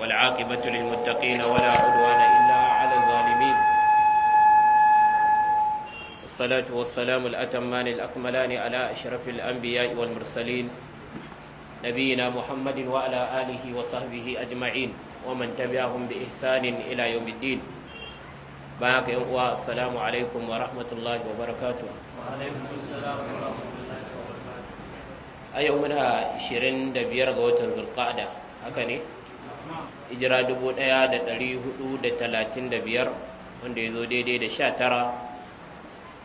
والعاقبة للمتقين ولا عدوان إلا على الظالمين الصلاة والسلام الأتمان الأكملان على أشرف الأنبياء والمرسلين نبينا محمد وعلى آله وصحبه أجمعين ومن تبعهم بإحسان إلى يوم الدين بارك يوم السلام عليكم ورحمة الله وبركاته وعليكم السلام ورحمة الله وبركاته أيومنا 25 ga watan Zulqa'da haka ne hijira biyar, wanda ya zo daidai da sha tara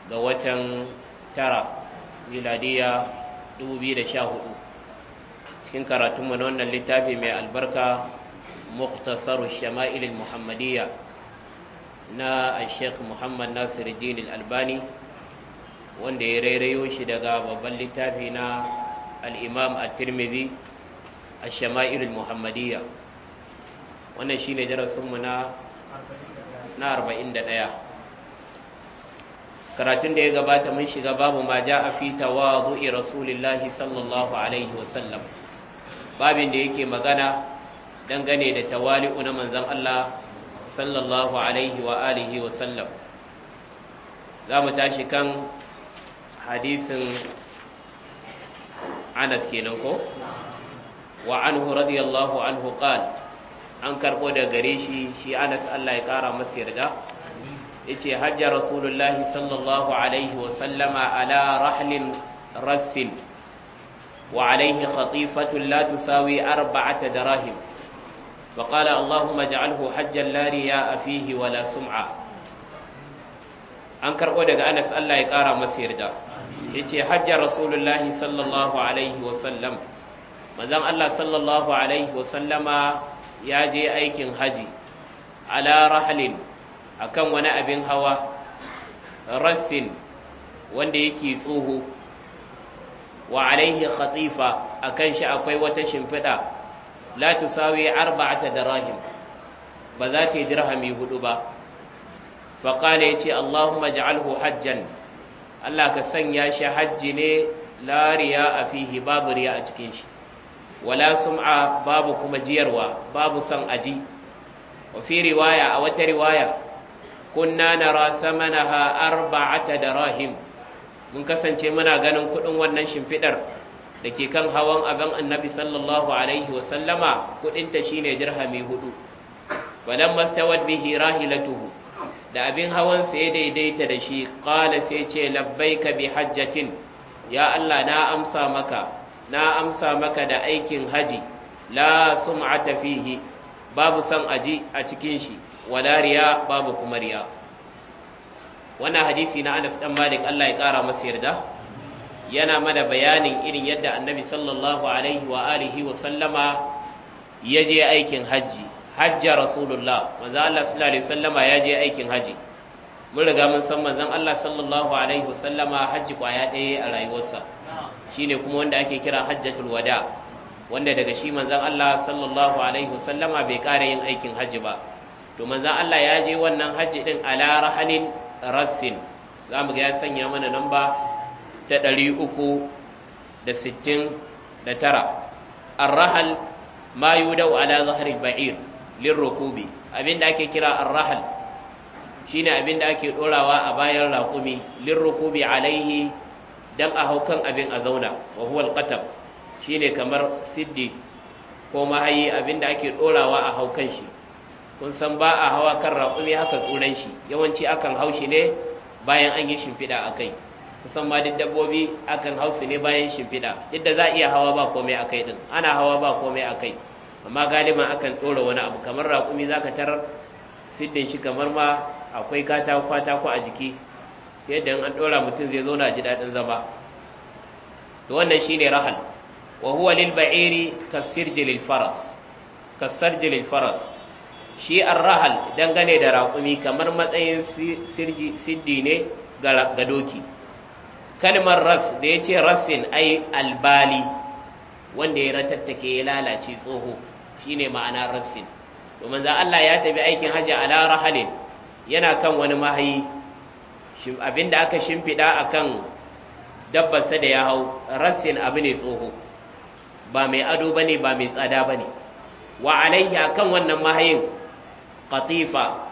ga watan tara miladiya hudu. cikin karatunmu na wannan littafi mai albarka muktasaru shama'ilin muhammadiyya na sheikh muhammad nasiruddin albani wanda ya rairayo shi daga babban littafi na al'imam a tirmidhi a shama'ilin muhammadiyya wannan shi ne darasinmu na na ɗaya. karatun da ya gabata mun shiga babu ma ja a wa tawadu'i rasulillahi sallallahu alaihi wasallam babin da yake magana dangane da tawali'u na manzan Allah sallallahu alaihi wa alihi wasallam za mu tashi kan hadisin anas kenan ko wa anhu radiyallahu anhu qala an karbo da gare shi shi anas Allah ya kara masa yarda yace hajja rasulullahi sallallahu alaihi wa sallama ala rahlin rassin wa alaihi khatifatun la tusawi arba'ata darahim wa qala allahumma ij'alhu hajjan la riya'a fihi wa la sum'a an karbo daga anas Allah ya kara masa yarda yace hajja rasulullahi sallallahu alaihi wa sallam manzon Allah sallallahu alaihi wa sallama ya je aikin haji ala rahlin akan wani abin hawa rassin wanda yake tsoho wa alaihi khatifa akan shi akwai wata shimfiɗa la tusawi arba'ata darahim ba za ta yi dirhami hudu ba faƙala ya ce allahumma ja'alhu hajjan allah ka sanya shi hajji ne lariya a fihi babu riya a cikin shi wala sum'a babu kuma jiyarwa babu son aji wa fi riwaya a wata riwaya kunna nara samanaha arba'ata darahim mun kasance muna ganin kudin wannan shimfidar da ke kan hawan abin annabi sallallahu alaihi wa sallama kudinta shine dirhami hudu walam mastawad bihi rahilatuhu da abin hawan sai daidaita da shi qala sai ce labbaika bi hajjatin ya Allah na amsa maka na amsa maka da aikin haji la sum'ata fihi babu san aji a cikin shi wala riya babu kuma riya wannan hadisi na Anas dan Malik Allah ya kara masa yarda yana mana bayanin irin yadda Annabi sallallahu alaihi wa alihi wa sallama ya je aikin haji hajja rasulullah manzo Allah sallallahu alaihi wasallama ya je aikin haji mun riga mun san manzon Allah sallallahu alaihi wa sallama hajji kwaya ɗaya a rayuwarsa shine kuma wanda ake kira hajjatul wada wanda daga shi manzan Allah sallallahu alaihi wasallama bai ƙara yin aikin hajji ba to manzan Allah ya je wannan hajji din ala rahalin rassin za mu ga ya sanya mana namba ta ɗari uku da sittin da tara arrahal ma yudau ala zahril ba'ir lirrukubi da ake kira arrahal shine abinda ake ɗorawa a bayan raƙumi lirrukubi alaihi dan a haukan abin a zauna wa huwa alqatab shine kamar siddi ko mahayi abin da ake dorawa a haukan shi kun san ba a hawa kan raƙumi haka tsuran shi yawanci akan haushi ne bayan an yi shimfiɗa a kusan ma duk dabbobi akan haushi ne bayan shimfiɗa yadda za a iya hawa ba komai akai kai ɗin ana hawa ba komai akai, kai amma galiban akan ɗora wani abu kamar raƙumi za ka tarar siddin shi kamar ma akwai katako a jiki yadda an ɗora mutum zai zauna ji daɗin zama to wannan shine rahal wa huwa lil ba'iri kasirji lil faras lil faras shi ar-rahal dangane da raƙumi kamar matsayin sirji siddi ne ga doki kalmar ras da ya ce rasin ai albali wanda ya ratattake ya lalace tsoho shine ma'ana rasin domin za Allah ya tafi aikin hajji ala rahalin yana kan wani mahayi abin da aka shimfiɗa kan dabbarsa da ya hau rassin abu ne tsoho ba mai ado ne, ba mai tsada bane wa alaihi akan wannan mahayin Katifa,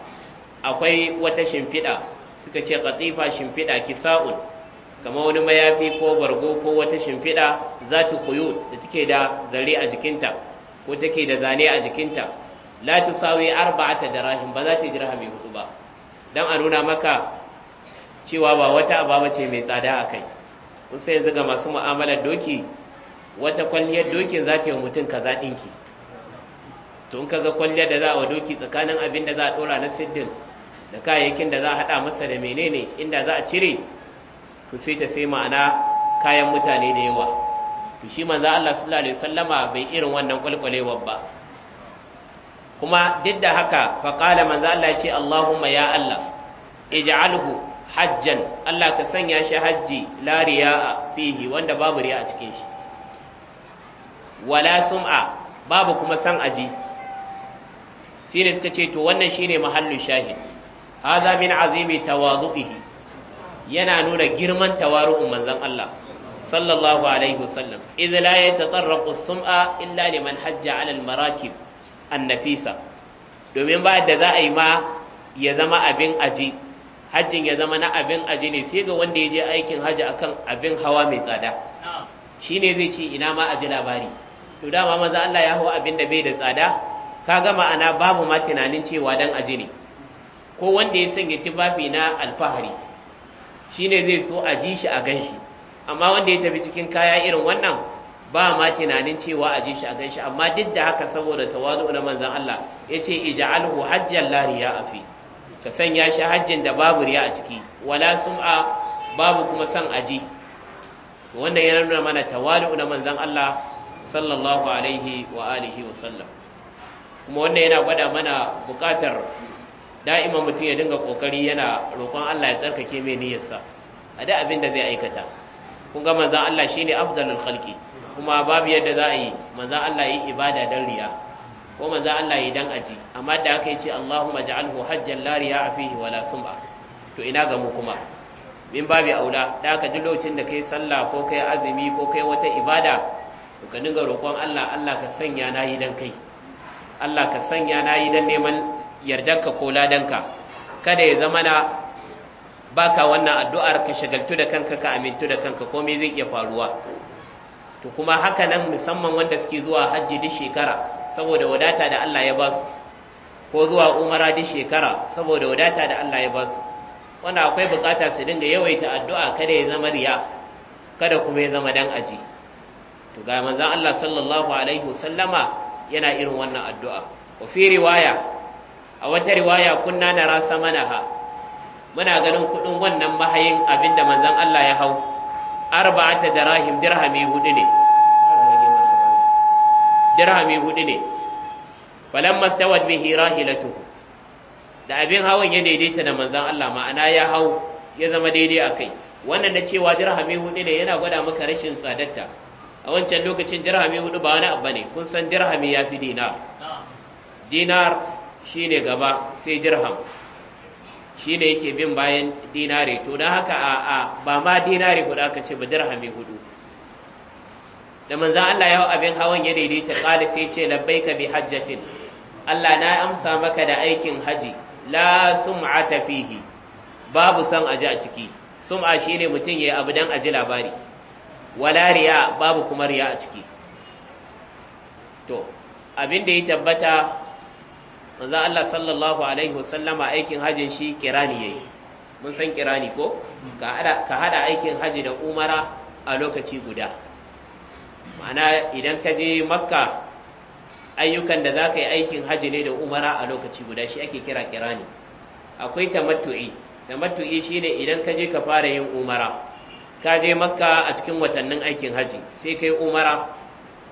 akwai wata shimfiɗa suka ce katifa shimfiɗa kisa'un kama wani mayafi ko bargo ko wata shimfiɗa za ta koyo da take da zare a jikinta ko take da zane a jikinta la tusawi arba'ata darahim ba za ta mai hudu ba dan a nuna maka cewa ba wata aba ce mai tsada a kai kun sai yanzu ga masu mu'amalar doki wata kwalliyar dokin za ta yi mutum kaza ɗinki to in kaga kwalliyar da za a doki tsakanin abin da za a ɗora na siddin da kayayyakin da za a haɗa masa da menene inda za a cire to sai ta sai ma'ana kayan mutane da yawa to shi manzo Allah sallallahu alaihi wasallama bai irin wannan kwalkwalewar ba kuma duk da haka qala manza Allah ya ce Allahumma ya Allah ij'alhu hajjan Allah ka sanya shi hajji la a fihi wanda babu riya a cikin shi wala sum'a babu kuma san aji sine suka ce to wannan shine mahallin shahid Haza min azimi tawadu'ihi yana nuna girman tawaru'un manzon Allah sallallahu alaihi wasallam idh la yatatarraqu as-sum'a illa liman hajja 'ala al-marakib an-nafisa domin ba da za a yi ma ya zama abin aji hajjin ya zama na abin aji ne sai ga wanda ya je aikin hajji akan abin hawa mai tsada shi ne zai ce ina ma aji labari to dama maza Allah ya hau abin da bai da tsada ka ga ma'ana babu ma tunanin cewa dan aji ne ko wanda ya sanya tufafi na alfahari shi ne zai so a ji shi a gan shi amma wanda ya tafi cikin kaya irin wannan ba ma tunanin cewa a ji shi a gan shi amma duk da haka saboda tawazu na manzan Allah ya ce ija ija'alhu hajjan lariya afi ka sanya shi hajjin da babu riya a ciki wala sum'a babu kuma san aji wannan ya nuna mana tawali'u na manzon Allah sallallahu alaihi wa alihi wa sallam kuma wannan yana gwada mana bukatar da'ima mutum ya dinga kokari yana roƙon Allah ya tsarkake mai niyyarsa a da abin da zai aikata kun ga manzon Allah shine afdalul khalqi kuma babu yadda za a yi manzon Allah yi ibada dan riya ko manzo Allah ya dan aji amma da aka yi ce Allahumma ja'alhu hajjan la riya fihi wala sum'a to ina ga mu kuma min babi aula da aka duk lokacin da kai sallah ko kai azumi ko kai wata ibada to ka dinga roƙon Allah Allah ka sanya na yi dan kai Allah ka sanya na yi dan neman yardanka ko ladanka kada ya zama na baka wannan addu'ar ka shagaltu da kanka ka amintu da kanka komai zai iya faruwa to kuma haka nan musamman wanda suke zuwa hajji duk shekara saboda wadata da Allah ya basu ko zuwa umara di shekara saboda wadata da Allah ya basu wanda akwai bukata su dinga yawaita addu'a kada ya zama riya kada kuma ya zama dan aji to ga manzon Allah sallallahu alaihi wasallama yana irin wannan addu'a wa fi riwaya a wata riwaya kunna nara manaha. muna ganin kudin wannan mahayin abinda manzon Allah ya hau arba'ata darahim dirhami hudu ne dirhami hudu ne falamma stawat bihi rahilatu da abin hawan ya daidaita da manzon Allah ma'ana ya hau ya zama daidai a kai. wannan da cewa dirhami hudu ne yana gwada maka rashin tsadarta a wancan lokacin dirhami hudu ba wani abu ne kun san dirhami ya fi dinar dinar shine gaba sai dirham ne yake bin bayan dinare to don haka a ba ma dinare hudu aka ce ba dirhami hudu da manzan Allah ya abin hawan ya daidaita ƙala sai ce labbaika bi hajjatin Allah na amsa maka da aikin haji la sum'a fihi babu san aji a ciki sum'a shine mutum yayi abu dan aji labari wala riya babu kuma riya a ciki to abin da ya tabbata manzan Allah sallallahu alaihi wasallama aikin hajin shi kirani yayi mun san kirani ko ka hada aikin haji da umara a lokaci guda ma'ana idan ka je makka ayyukan da za ka yi aikin hajji ne da umara a lokaci guda shi ake kira kira ne. akwai tamattu'i tamattu'i ne idan ka je ka fara yin umara ka je makka a cikin watannin aikin hajji sai ka yi umara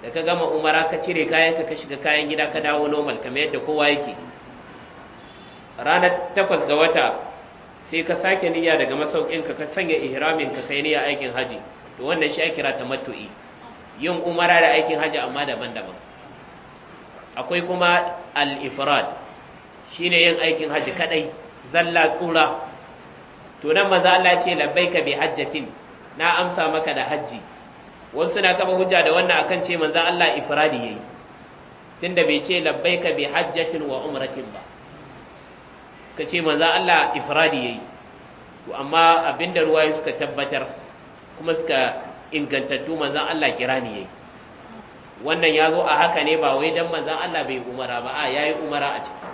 da ka gama umara ka cire kayan ka shiga kayan gida ka dawo normal kamar yadda kowa yake ranar takwas ga wata sai ka sake niyya daga masaukinka ka sanya ihramin ka kai niyya aikin hajji to wannan shi ake kira ta matu'i. yin umara da aikin hajji amma daban-daban akwai kuma al-ifrad shine yin aikin hajji kadai zalla tsura to nan manzo Allah ce labbaika bi hajjatin na amsa maka da hajji wasu na kama hujja da wannan akan ce manzo Allah ifradi yayi tunda bai ce labbaika bi hajjatin wa umratin ba ka ce manzo Allah ifradi yayi to amma abinda ruwaye suka tabbatar kuma suka ingantattu manzan Allah ni yayi wannan ya zo a haka ne ba wai dan manzan Allah bai umara ba a yayi umara a ciki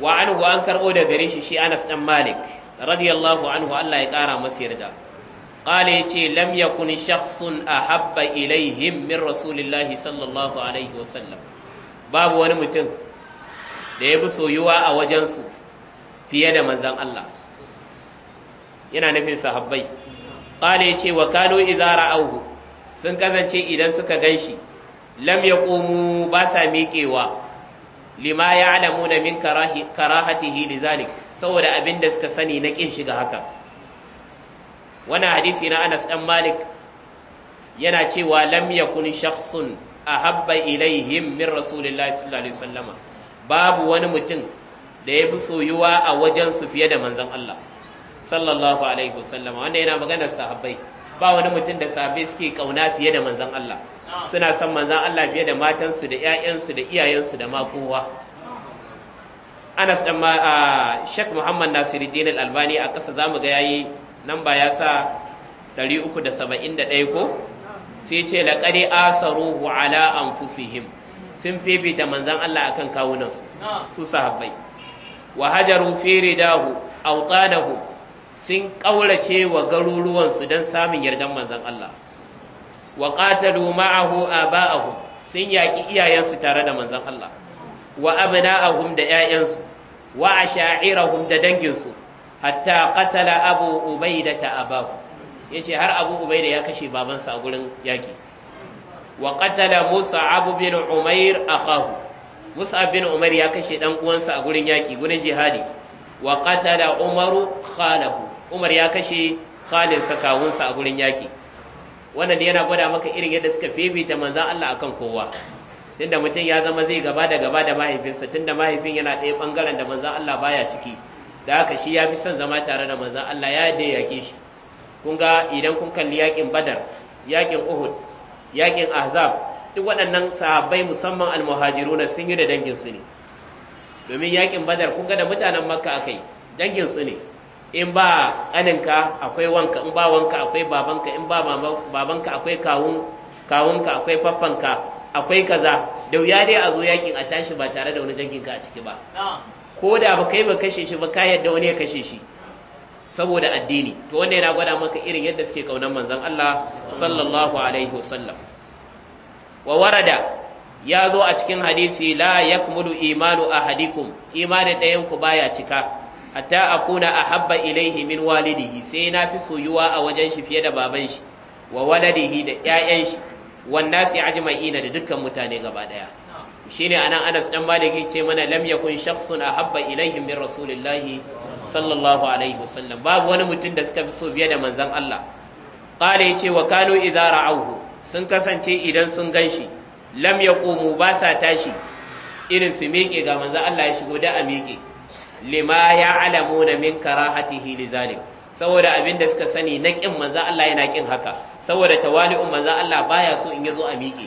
wa an karbo da gare shi shi Anas dan Malik radiyallahu anhu Allah ya kara masa yarda qala yace lam yakun shakhsun ahabba ilaihim min rasulillahi sallallahu alaihi wasallam babu wani mutum da ya fi soyuwa a wajensu fiye da manzan Allah yana nufin sahabbai qala ya wa kanu izara ra'awhu sun kasance idan suka ganshi lam yaqumu ba sa miƙewa lima ya'lamuna min karahatihi lidhalik saboda abinda suka sani na kin shiga haka wannan hadisi na Anas dan Malik yana cewa lam yakun shakhsun ahabba ilaihim min rasulillahi sallallahu alaihi wasallama babu wani mutum da ya fi soyuwa a wajen su fiye da manzon Allah sallallahu alaihi wasallam wanda yana maganar sahabbai ba wani mutum da sahabbai suke kauna fiye da manzon Allah suna son manzon Allah fiye da matansu da ƴaƴansu da iyayensu da ma kowa Anas dan ma Sheikh Muhammad Nasiruddin Al-Albani a ƙasa zamu ga yayi nan ba ya sa 371 ko sai ce laqad asaruhu ala anfusihim sun fifita manzon Allah akan kawunansu su sahabbai wa hajaru fi ridahu awtanahu sun ƙaurace wa garuruwansu don samun yardan manzan Allah wa qatalu ma'ahu aba'ahum sun yaƙi iyayensu tare da manzan Allah wa abna'ahum da 'ya'yansu wa a asha'irahum da danginsu hatta ƙatala abu ubaidata Ya ce har abu da ya kashe babansa a gurin yaƙi wa Musa abu bin umair kahu. Musa bin umar ya kashe ɗan’uwansa uwansa a gurin yaƙi gurin jihadi wa ƙatala umaru khalahu umar ya kashe khalid sakawunsa a gurin yaki wannan yana gwada maka irin yadda suka fifita manzan Allah akan kowa tunda mutum ya zama zai gaba da gaba da mahaifinsa tunda mahaifin yana ɗaya bangaren da manzan Allah baya ciki da haka shi ya fi son zama tare da manzan Allah ya da yaƙe shi kun ga idan kun kalli yaƙin badar yaƙin uhud yaƙin ahzab duk waɗannan sahabbai musamman al-muhajiru al-Muhajiruna sun yi da danginsu ne domin yaƙin badar kun ga da mutanen makka akai su ne in ba aninka akwai wanka in ba wanka akwai babanka in ba babanka akwai kawunka akwai faffanka akwai kaza da wuya dai a zo yakin a tashi ba tare da wani jankinka a ciki ba ko da ba kai ba kashe shi ba ka yadda wani ya kashe shi saboda addini to wanda yana gwada maka irin yadda suke kaunar manzon Allah sallallahu alaihi wasallam wa warada ya zo a cikin hadisi la yakmulu imanu ahadikum imanin ɗayanku baya cika hatta akuna habba ilaihi min walidihi sai na fi soyuwa a wajen shi fiye da baban shi wa waladihi da ƴaƴan shi wan nasi ajma'ina da dukkan mutane gaba daya shine anan Anas dan Malik ce mana lam yakun shakhsun ahabba ilaihim min rasulillahi sallallahu alaihi wasallam babu wani mutum da suka fi so fiye da manzon Allah qala yace wa kanu idza ra'awhu sun kasance idan sun ganshi lam yaqumu ba sa tashi irin su miƙe ga manzon Allah ya shigo da a miƙe lima ya alamu na min karahatihi zalim saboda abin da suka sani na kin manzo Allah yana kin haka saboda tawali'un manzo Allah baya so in yazo a miƙe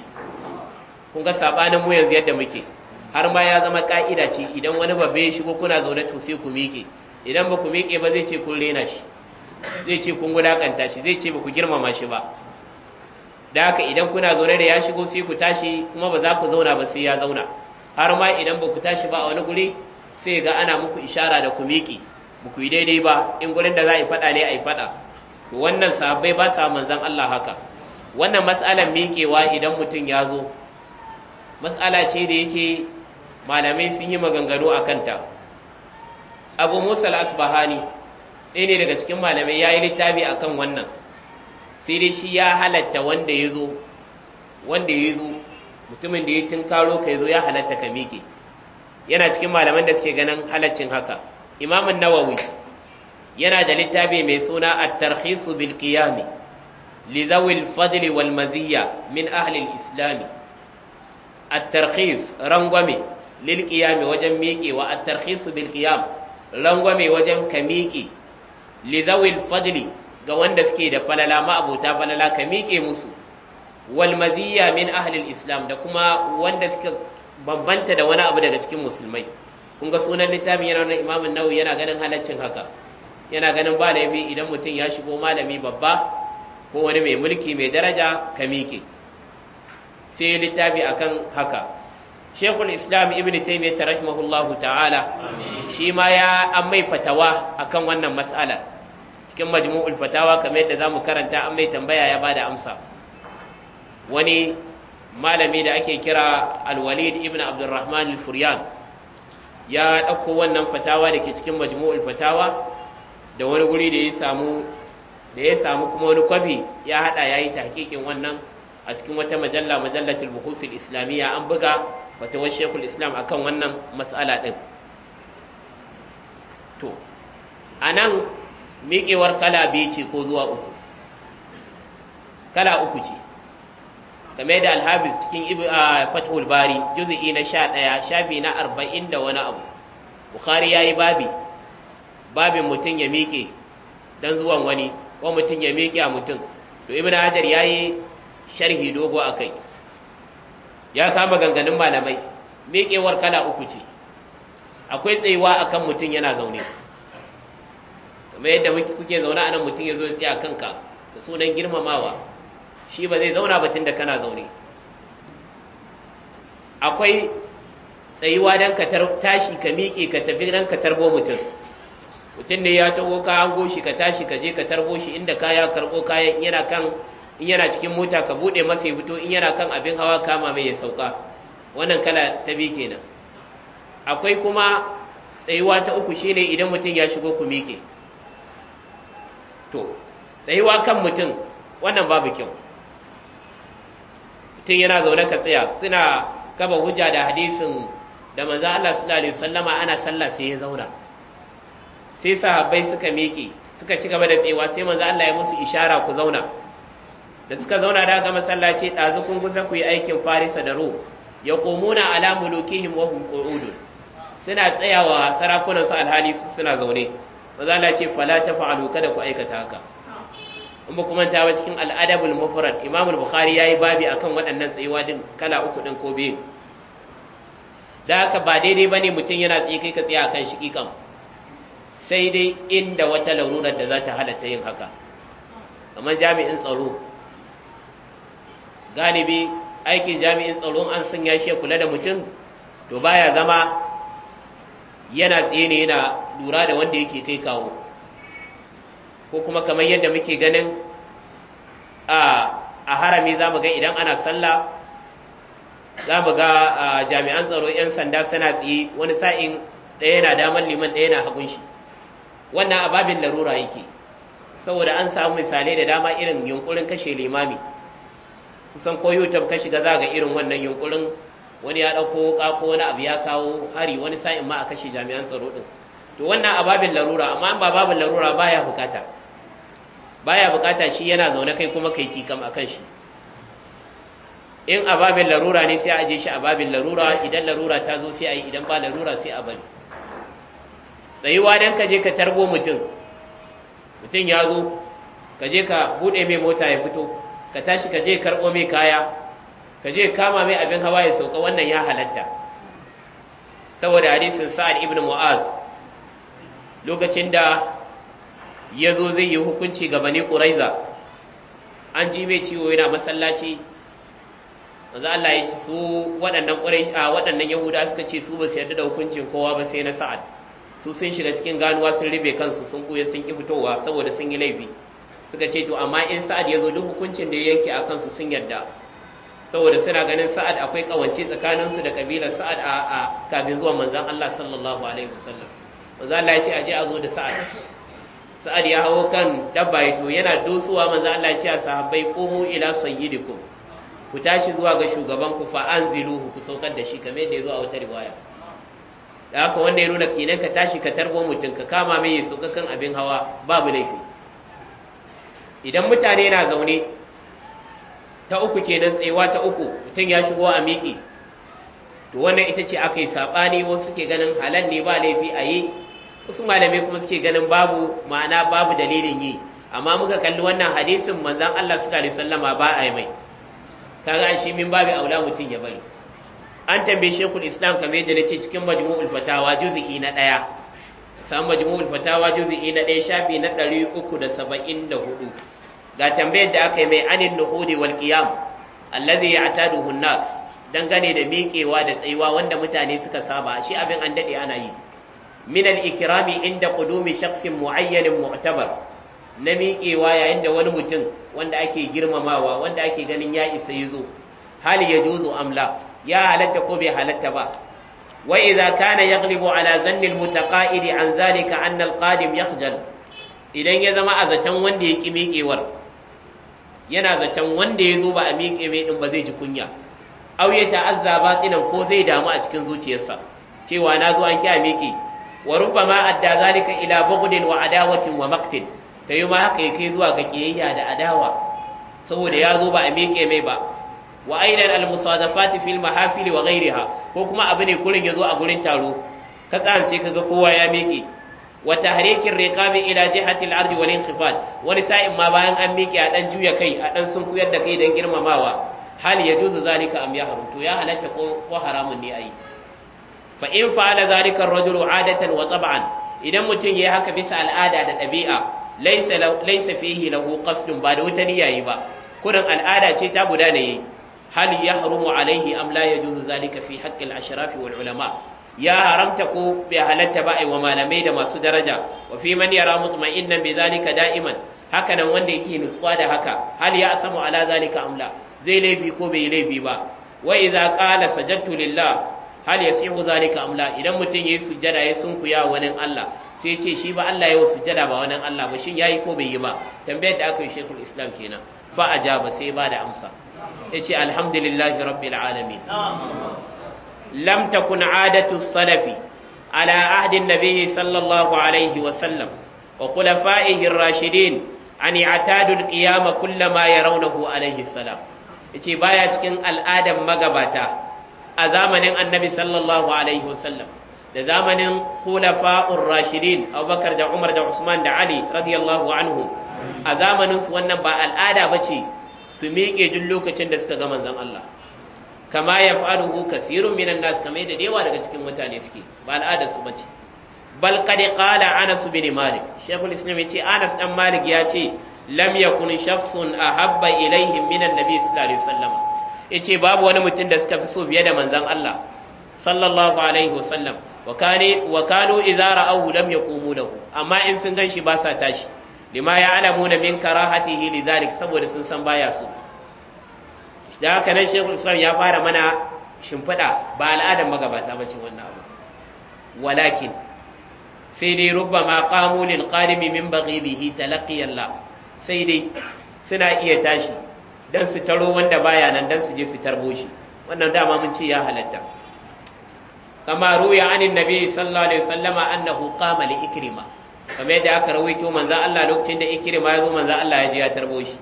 kun ga sabanin mu yanzu yadda muke har ma ya zama ka'ida ce idan wani babbe ya shigo kuna zaune to sai ku miƙe idan ba ku miƙe ba zai ce kun rena shi zai ce kun gudakanta shi zai ce ba ku girmama shi ba da haka idan kuna zaune da ya shigo sai ku tashi kuma ba za ku zauna ba sai ya zauna har ma idan ba ku tashi ba a wani guri sai ga ana muku ishara da ku miƙi ku yi daidai ba in gurin da za a yi faɗa ne a yi faɗa wannan sahabbai ba sa manzan Allah haka wannan matsalan miƙewa idan mutum ya zo matsala ce da yake malamai sun yi maganganu a kanta abu musa al'asbahani ne daga cikin malamai ya yi littafi a kan wannan sai dai shi ya halatta wanda ya zo wanda ya zo mutumin da ya tun karo ka ya zo ya halatta ka miƙe yana cikin malaman da suke ganin halaccin haka imamun nawawi yana da littafi mai suna at-tarhisu bil qiyami fadli wal min ahli islami. islam tarhis rangwame lil wajen miƙe wa at-tarhisu rangwame wajen ka miƙe Lizawil, fadli ga wanda suke da falala ma abota falala ka miƙe musu wal min ahli islam da kuma wanda suke bambanta da wani abu daga cikin musulmai kun ga sunan littafin yana wannan imamun nawawi yana ganin halaccin haka yana ganin ba laifi idan mutum ya shigo malami babba ko wani mai mulki mai daraja ka miƙe sai littafi akan haka shekul islam ibn taymiyyah rahimahullahu ta'ala shi ma ya an mai fatawa akan wannan mas'ala cikin majmu'ul fatawa kamar yadda zamu karanta an mai tambaya ya bada amsa wani malami da ake kira alwalid ibn abdurrahman al-furyan ya ɗauko wannan fatawa da ke cikin majmu'ul fatawa da wani guri da ya samu kuma wani kwafi ya haɗa ya yi tahqiqin wannan a cikin wata majalla majallatul buhuth islamiyya an buga fatawar shekul islam akan wannan matsala din to anan miƙewar kala biyu ce ko zuwa uku kala uku ce kamar da alhabis cikin ah, fatul bari juzi'i na sha ɗaya shafi na arba'in da wani abu bukhari ya yi babi babin mutum ya miƙe don zuwan wani ko mutum ya miƙe a mutum to ibn hajar ya yi sharhi dogo a kai ya kama ganganin malamai miƙewar kala uku ce akwai tsayuwa kan mutum yana zaune kamar yadda kuke zaune a nan mutum ya zo tsaye a kanka da sunan girmamawa shi ba zai zauna batun da kana zaune akwai tsayuwa don ka tashi ka miƙe ka tafi don ka tarbo mutum mutum ne ya taɓo ka hango shi ka tashi ka je ka tarbo shi inda kaya karɓo kayan yana kan in yana cikin mota ka buɗe masa ya fito in yana kan abin hawa kama mai ya sauka wannan kala ta bi kenan akwai kuma tsayuwa ta uku shine idan mutum ya shigo ku miƙe to tsayuwa kan mutum wannan babu kyau mutum yana zaune ka tsaya suna kaba hujja da hadisin da manzo Allah sallallahu alaihi wasallama ana sallah sai ya zauna sai sahabbai suka miƙe suka ci gaba da tsewa sai manzo Allah ya musu ishara ku zauna da suka zauna da ga masallaci dazu kun kusa ku yi aikin farisa da ru ya qumuna ala mulukihim wa hum qu'udun suna tsayawa sarakunan su alhali suna zaune manzo Allah ya ce fala tafa'alu kada ku aikata haka in ba kuma ba cikin al'adabul mufrad imam al-bukhari yayi babi akan waɗannan tsayuwa din kala uku din ko biyu da haka ba daidai bane mutum yana tsaye kai ka tsaya akan shi sai dai inda wata larurar da za ta halatta yin haka kamar jami'in tsaro galibi aikin jami'in tsaro an sun ya shi kula da mutum to baya zama yana tsaye ne yana lura da wanda yake kai kawo ko kuma kamar yadda muke ganin a harami za mu ga idan ana sallah za mu ga jami'an tsaro 'yan sanda suna tsaye wani sa'in ɗaya na damar liman ɗaya na hagun shi wannan ababin larura yake saboda an samu misalai da dama irin yunkurin kashe limami kusan ko youtube ka shiga za ga irin wannan yunkurin wani ya ɗauko ƙafo wani abu ya kawo hari wani sa'in ma a kashe jami'an tsaro ɗin to wannan a babin larura amma ba babin larura baya bukata baya bukata shi yana zaune kai kuma kai kikam akan shi in ababin larura ne sai a je shi ababin larura idan larura ta zo sai a yi idan ba larura sai a bari tsayuwa dan ka je ka tarbo mutum mutum ya zo ka je ka bude mai mota ya fito ka tashi ka je karbo mai kaya ka je kama mai abin hawa ya sauka wannan ya halatta saboda hadisin sa'ad ibn mu'az lokacin da ya zo zai yi hukunci ga bani ƙuraiza an ji mai ciwo yana masallaci manzo Allah ya ce su waɗannan ƙurai waɗannan yahuda suka ce su ba su yarda da hukuncin kowa ba sai na sa'ad su sun shiga cikin ganuwa sun ribe kansu sun kuya sun ki fitowa saboda sun yi laifi suka ce to amma in sa'ad ya zo duk hukuncin da ya yanke a kansu sun yarda saboda suna ganin sa'ad akwai kawance tsakaninsu da kabilar sa'ad a kafin zuwa manzon Allah sallallahu alaihi wasallam manzo Allah ya ce aje a zo da sa'ad sa'ad ya hawo kan dabba ya to yana dosuwa manzo Allah ce a sahabbai qumu ila sayyidikum ku tashi zuwa ga shugaban ku fa anziluhu ku saukar da shi kamar yadda ya zo a wata riwaya da haka wanda ya nuna kenan ka tashi ka tarbo mutum ka kama mai ya kan abin hawa babu laifi idan mutane na zaune ta uku kenan tsewa ta uku mutum ya shigo a miƙi to wannan ita ce aka yi saɓani wasu ke ganin halal ne ba laifi a yi wasu malamai kuma suke ganin babu ma'ana babu dalilin yi amma muka kalli wannan hadisin manzon Allah suka alaihi sallama ba a yi mai kaga shi min babu aula mutum ya bari an tambaye shekul islam kamar yadda nace cikin majmu'ul fatawa juz'i na daya samu majmu'ul fatawa juz'i na daya shafi na 374 ga tambayar da aka yi mai anin nuhudi wal qiyam allazi ya'taduhu an-nas dangane da miƙewa da tsayuwa wanda mutane suka saba shi abin an dade ana yi min ikirami inda inda qudumi shakhsin mu'ayyanin mu'tabar na miƙewa yayin da wani mutum wanda ake girmamawa wanda ake ganin ya isa yi zo hali ya juzu amla ya halatta ko bai halatta ba wa idza kana yaghlibu ala zanni almutaqa'id an zalika anna alqadim yakhjal idan ya zama a zaton wanda ya ki miƙewar yana zaton wanda ya zo ba a miƙe mai ba zai ji kunya aw ya ta'azza batinan ko zai damu a cikin zuciyarsa cewa na zo an ki a miƙe wa rubbama adda zalika ila bughdin wa adawatin wa maqtin tayi ma haka kai zuwa ga kiyayya da adawa saboda ya zo ba a miƙe mai ba wa aidan al-musadafati fil mahafil wa ghayriha ko kuma abu ne kurin ya zo a gurin taro ka tsance kowa ya miƙe Wata tahrikin riqabi ila jihati al-ardi wal inkhifad wani sa'in ma bayan an miƙe a dan juya kai a dan sunkuyar da kai dan girmamawa hal yajuzu zalika am haru, to ya halatta ko haramun ne yi. fa in fa'ala zalika ar-rajulu 'adatan wa tab'an idan mutum yayi haka bisa al'ada da ɗabi'a laysa laysa fihi lahu qasdun ba da wuta yayi ba kurin al'ada ce ta guda ne hal yahrumu alaihi am la yajuzu zalika fi haqqi al-ashrafi wal ulama ya haramta ko bai halatta ba wa malamai da masu daraja wa fi man yara mutma'innan bi zalika da'iman haka nan wanda yake nutsuwa da haka hal ya asamu ala zalika amla zai laifi ko bai laifi ba wa idza qala sajadtu lillah hal Zani zalika amla idan mutum yayi sujada ya sunkuya wani Allah sai ce shi ba Allah ya wa sujada ba wani Allah ba shin yayi ko bai yi ba tambayar da aka yi shekul islam kenan fa ajaba sai ba da amsa yace alhamdulillahi rabbil alamin lam takun adatu salafi ala ahdi nabiy sallallahu alaihi wa sallam wa khulafaihi ar-rashidin an i'tadu al-qiyam kullama yarawnahu alaihi salam yace baya cikin al'adan magabata a zamanin annabi sallallahu alaihi wasallam da zamanin khulafa'ur rashidin abubakar da umar da usman da ali radiyallahu anhu a zamanin su wannan ba al'ada ce su miƙe duk lokacin da suka ga zan Allah kama yaf'aluhu kasirun minan nas kamar da dewa daga cikin mutane suke ba al'ada su ce. bal qad qala anas bin malik shaykhul islam yace anas dan malik yace lam yakun shakhsun ahabba ilaihin minan nabi sallallahu alaihi wasallam ce babu wani mutum da suka fi so fiye da manzan Allah sallallahu alaihi wasallam wa kane wa kanu idza ra'ahu lam yaqumu lahu amma in sun ganshi ba sa tashi lima ya alamuna min karahatihi saboda sun san baya so da haka nan shekul islam ya fara mana shimfiɗa ba al'adar magabata ba ce wannan abu walakin sai dai rubba ma ƙamu lil min baƙi bihi talaƙiyalla sai dai suna iya tashi dan su taro wanda baya nan dan su je su tarbo wannan dama mun ce ya halatta kama ruya anin nabi sallallahu alaihi wasallama annahu qama li ikrima kamar yadda aka rawaito manzon Allah lokacin da ikrima ya zo manzon Allah ya je ya tarbo shi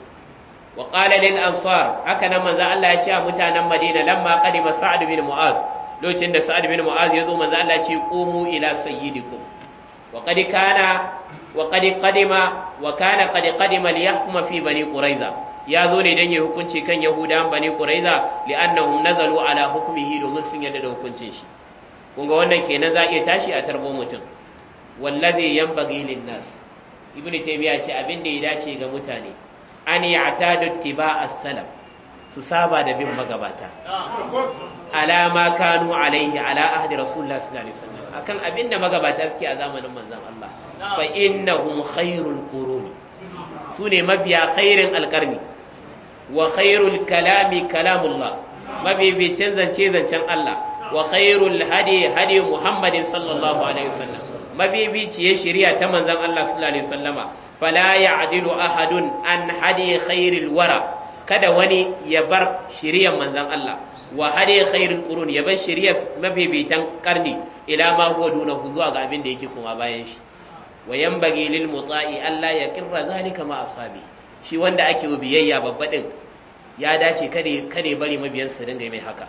wa qala lil ansar haka nan manzon Allah ya ce a mutanen Madina lamma qadima sa'd bin mu'az lokacin da sa'd bin mu'az ya zo manzon Allah ya ce qumu ila sayyidikum wa qad kana wa qad qadima wa kana qad qadima liyahkuma fi bani quraiza ya zo ne don ya hukunci kan Yahuda, bani quraiza li'annahum nazalu ala hukmihi domin sun yarda da hukuncin shi kun ga wannan kenan za a iya tashi a tarbo mutum wallazi yanbaghi lin nas ibn taymiya ce abin da ya dace ga mutane an ya'tadu tiba as-salaf su saba da bin magabata ala ma kanu alaihi ala ahdi rasulullah sallallahu alaihi wasallam akan abinda magabata suke a zamanin manzon Allah fa innahum khairul quruni sune mafiya khairin alqarni wa khairul kalami kalamullah mabibicin zance zancen Allah wa khairul hadi hadi Muhammadin sallallahu alaihi wasallam mabibici ya shari'a ta manzon Allah sallallahu alaihi wasallama fala ya'dilu ahadun an hadi khairil wara kada wani ya bar shari'ar manzon Allah wa hadi khairul qurun ya bar shari'ar mabibitan karni ila ma huwa dunahu zuwa ga abin da yake kuma bayan shi wa yanbaghi lil muta'i alla yakirra zalika ma ashabi shi wanda ake biyayya babba din ya dace kare kare bari mabiyan su dinga mai haka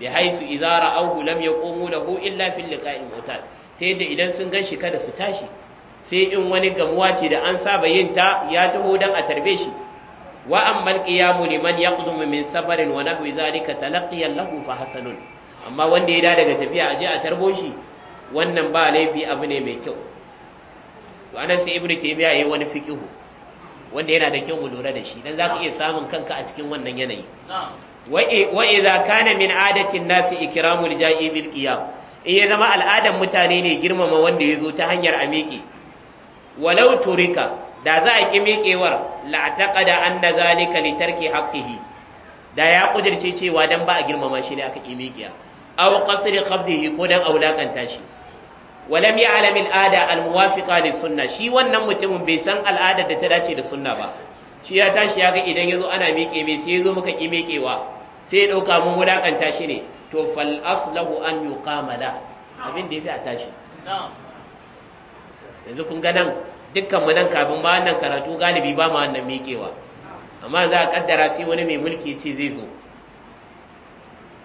bi haisu idza ra'awhu lam yaqumu lahu illa fil liqa'il mutal ta yadda idan sun ganshi kada su tashi sai in wani gamuwa ce da an saba yin ta ya taho dan a tarbe shi wa ammal qiyamu liman yaqdumu min safarin wa nahwi zalika talaqiyan lahu fa hasanun amma wanda ya da daga tafiya aje a tarbo shi wannan ba laifi abu ne mai kyau to sai ibnu taymiya yayi wani fiqihu wanda yana da kyau mu lura da shi dan za ka iya samun kanka a cikin wannan yanayi wa idza kana min adatin nasi ikramul ja'i bil qiyam in ya zama al'adan mutane ne girmama wanda ya zo ta hanyar amiki walau turika da za a ki miƙewar la'taqada anna zalika li tarki haqqihi da ya kudirce cewa dan ba a girmama shi ne aka ki miƙiya aw qasri qabdihi ko dan aulakanta shi walam ya alamin ada almuwafiqa li sunna shi wannan mutumin bai san al'adar da ta dace da sunna ba shi ya tashi ya ga idan yazo ana miƙe mai sai yazo muka ki miƙewa sai ya dauka mun wulakanta shi ne to fal aslahu an yuqama la abin da yafi a tashi yanzu kun ga nan dukkan mu nan kafin ba wannan karatu galibi ba ma wannan miƙewa amma za a kaddara sai wani mai mulki ce zai zo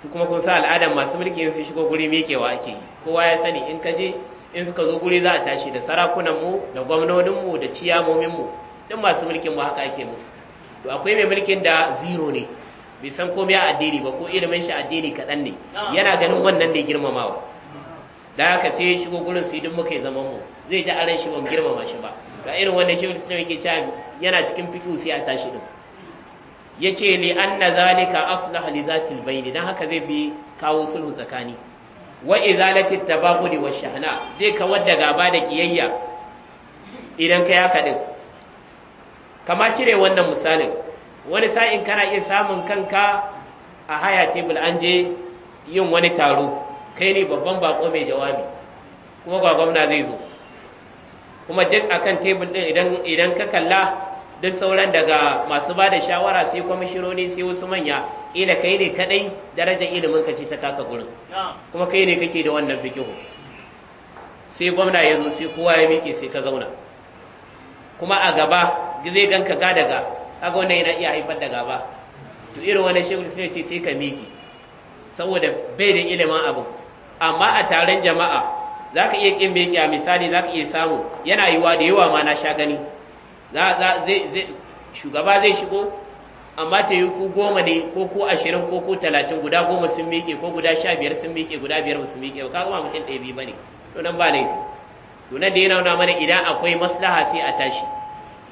su kuma kun sa al'adar masu mulki yin su shigo guri miƙewa ake yi kowa ya sani in ka je in suka zo guri za a tashi da sarakunanmu da gwamnoninmu da ciyamominmu duk masu mulkin mu haka ake musu to akwai mai mulkin da zero ne bai san komai a addini ba ko ilimin shi addini kaɗan ne yana ganin wannan da girmamawa da haka sai ya shigo gurin su idan muka yi zaman mu zai ji aran shi mu girmama shi ba ga irin wannan shi mutum yake cewa yana cikin fiki sai a tashi din yace li anna zalika aslaha li zatil bayni dan haka zai fi kawo sulhu tsakani wa izalati tabaghudi wa shahna zai kawar da gaba da kiyayya idan ka yaka din kama cire wannan misalin wani sa'in kana iya samun kanka a haya tebul an je yin wani taro kai ne babban bako mai jawabi kuma ga gwamna zai zo kuma duk akan tebul din idan idan ka kalla duk sauran daga masu ba da shawara sai kwamishironi sai wasu manya ila kai ne kadai darajar ilimin ka ce ta taka gurin kuma kai ne kake da wannan fikihu sai gwamna ya zo sai kowa ya miƙe sai ka zauna kuma a gaba zai gan ka ga daga kaga wannan yana iya haifar da gaba to irin wannan shehu sai ce sai ka miƙe saboda bai da ilimin abu amma a taron jama'a zaka iya kin miƙe a misali zaka iya samu yana yiwa da yawa ma na sha gani shugaba zai shigo amma ta yi ku goma ne ko ku ashirin ko ku talatin guda goma sun miƙe ko guda sha biyar sun miƙe guda biyar sun miƙe ba kaga ma mutum ɗaya biyu ba ne to nan ba laifi to nan da ya nauna mana idan akwai maslaha sai a tashi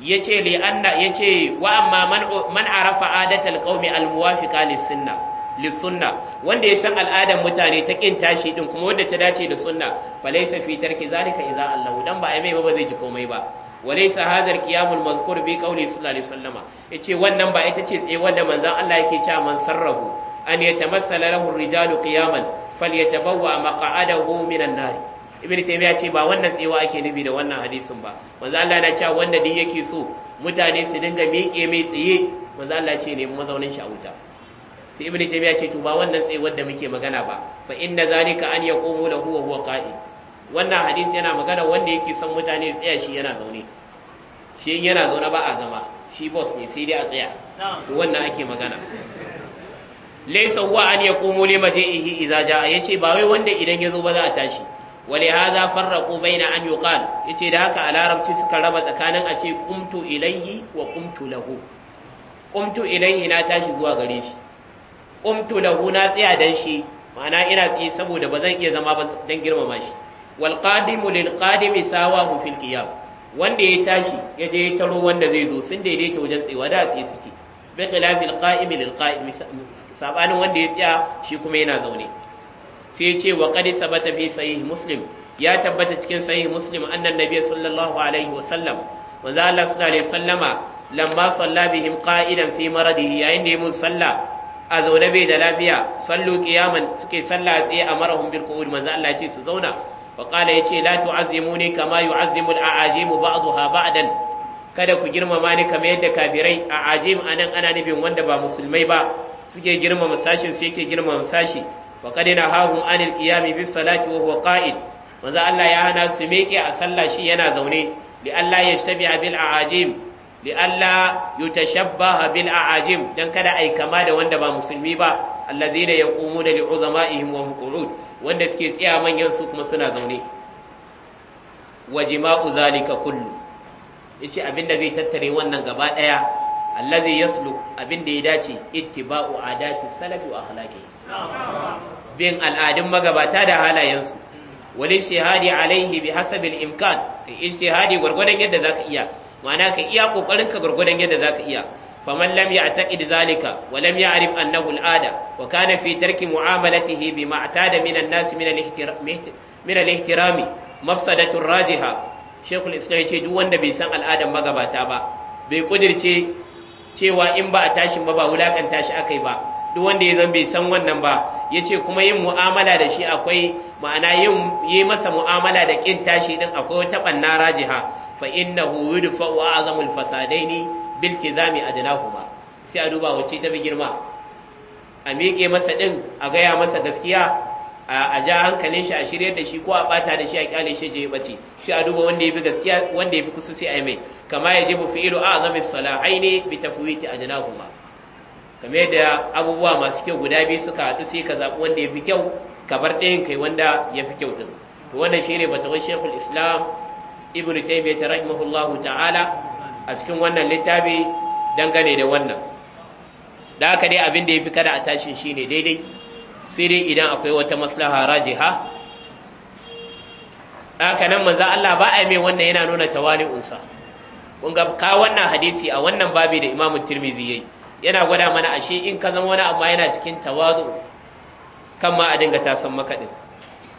ya ce li anna ya ce wa amma man arafa adatal qaumi al muwafiqa lis sunna lis sunna wanda ya san al'adar mutane ta kin tashi din kuma wanda ta dace da sunna fa laysa fi tarki zalika idza allahu dan ba ai mai ba zai ji komai ba walaysa hadha alqiyam almadhkur bi qawli sallallahu alaihi wasallam yace wannan ba ita ce tsaye wanda manzon Allah yake cewa man sarrahu an yatamassala lahu rijalu qiyaman falyatabawwa maq'adahu minan nar ibn taymiya ce ba wannan tsayewa ake nubi da wannan hadisin ba manzo Allah na cewa wanda duk yake so mutane su dinga miƙe mai tsaye manzo Allah ce ne mazaunin shi a wuta sai ibn taymiya ce to ba wannan tsayewar wanda muke magana ba fa inna zalika an yaqumu lahu wa huwa qa'id wannan hadisi yana magana wanda yake son mutane da tsaya shi yana zaune shi yana zaune ba a zama shi boss ne sai dai a tsaya wannan ake magana laysa huwa an yaqumu li maji'ihi idza jaa yace ba wai wanda idan yazo ba za a tashi wali hadha farraqu baina an yuqal yace da haka a larabci suka raba tsakanin a ce qumtu ilayhi wa qumtu lahu qumtu ilayhi na tashi zuwa gare shi qumtu lahu na tsaya dan shi ma'ana ina tsaye saboda ba zan iya zama ba dan girmama shi wal qadimu lil qadimi sawahu fil wanda ya tashi ya je taro wanda zai zo sun daidaita wajen tsayawa da tsaye suke bi khilafil qa'imi lil qa'imi sabanin wanda ya tsaya shi kuma yana zaune sai ya ce wa qad sabata fi sahih muslim ya tabbata cikin sahih muslim annan nabiy sallallahu alaihi wa sallam manzo Allah sallallahu alaihi sallama lamma salla bihim qa'idan fi maradihi yayin da ya mun salla a zaune bai da lafiya sallu qiyaman suke salla tsaye a marahum bil qu'ud manzo Allah ya ce su zauna ya ce, yace la ne kama yu'azzimu al-a'ajimu ba'daha ba'dan kada ku girmama ni kamar yadda kafirai a ajim anan ana nufin wanda ba musulmai ba suke girmama sashin su yake girmama sashi wa qad nahahum anil qiyami bi salati wa huwa qa'id manzo Allah ya hana su meke a sallah shi yana zaune li Allah yashtabi bil a'ajim li'alla yutashabbaha bin a'ajim dan kada ai kama da wanda ba musulmi ba alladhina yaqumuna li uzama'ihim wa muqud wanda suke tsaya manyan su kuma suna zaune wa jima'u zalika kullu yace abinda zai tattare wannan gaba daya alladhi yaslu abinda ya dace ittiba'u adati salafi wa akhlaqi bin al'adun magabata da halayensu wal ijtihadi alaihi bi hasabil imkan ijtihadi gurgurdan yadda zaka iya ma'ana ka iya kokarin ka gurgudan yadda zaka iya faman lam ya'taqid zalika wa lam ya'rif annahu al'ada wa kana fi tarki mu'amalatihi bima atada min an-nas min al-ihtiram mafsadatu rajiha al islam ce, duk wanda bai san al'adan magabata ba bai kudirce cewa in ba a tashi ba ba wulakanta shi akai ba duk wanda ya zan bai san wannan ba yace kuma yin mu'amala da shi akwai ma'ana yin yi masa mu'amala da kin tashi din akwai wata banna rajiha fa innahu yudfa'u a'zamul fasadaini bil kizami adnahuma sai a duba wacce ta girma a miƙe masa ɗin a gaya masa gaskiya a ja hankalin shi a shiryar da shi ko a bata da shi a kyale shi je bace shi a duba wanda yafi gaskiya wanda yafi kusa sai ai mai kama ya jibu fi'ilu a'zami salahaini bi tafwiti ajnahuma kame da abubuwa masu kyau guda biyu suka haɗu sai ka zaɓi wanda yafi kyau ka bar ɗayan kai wanda yafi kyau din to wannan shine fatawar Sheikhul Islam ibn taymiyyah rahimahullahu ta'ala a cikin wannan littafi dangane da wannan da haka dai abin da yafi kada a tashin shine daidai sai dai idan akwai wata maslaha rajiha haka nan manzo Allah ba a mai wannan yana nuna tawali'unsa kun ga ka wannan hadisi a wannan babi da Imam Tirmidhi yayi yana gwada mana ashe in ka zama wani amma yana cikin tawazu kan ma a dinga tasan maka din